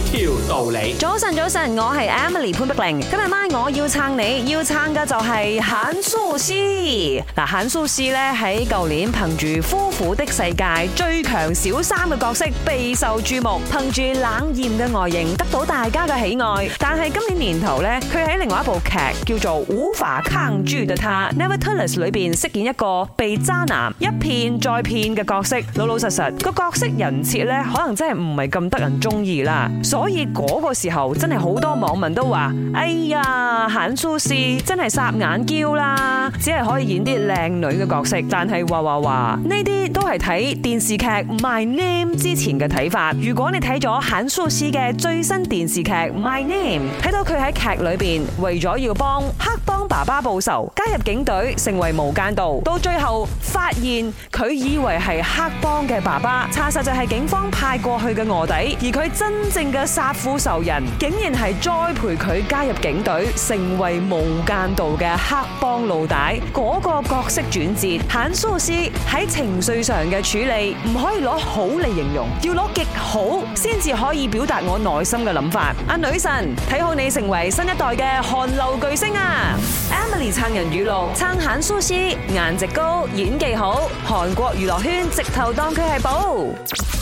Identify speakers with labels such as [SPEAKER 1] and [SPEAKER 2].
[SPEAKER 1] 條道理。早
[SPEAKER 2] 晨，早晨，我係 Emily 潘碧玲。今日媽，我要撐你，要撐嘅就係闞舒斯。嗱，闞舒斯咧喺舊年憑住《夫婦的世界》最強小三嘅角色備受注目，憑住冷艷嘅外形得到大家嘅喜愛。但係今年年頭咧，佢喺另外一部劇叫做《無法抗拒嘅《他》（Never Too l u s 裏邊飾演一個被渣男一片再騙嘅角色，老老實實個角色人設咧，可能真係唔係咁得人中意啦。所以嗰個時候真係好多網民都話：哎呀，韓素希真係霎眼嬌啦，只係可以演啲靚女嘅角色。但係話話話呢啲都係睇電視劇《My Name》之前嘅睇法。如果你睇咗韓素希嘅最新電視劇《My Name》，睇到佢喺劇裏邊為咗要幫黑幫爸爸報仇，加入警隊成為無間道，到最後發現佢以為係黑幫嘅爸爸，查實就係警方派過去嘅臥底，而佢真正。嘅殺父仇人竟然係栽培佢加入警隊，成為無間道嘅黑幫老大。嗰個角色轉折，尹蘇斯喺情緒上嘅處理，唔可以攞好嚟形容，要攞極好先至可以表達我內心嘅諗法。阿女神睇好你成為新一代嘅韓流巨星啊！Emily 撐人語錄，撐尹蘇斯，顏值高，演技好，韓娛樂，韓國娛樂圈直頭當佢係
[SPEAKER 1] 寶。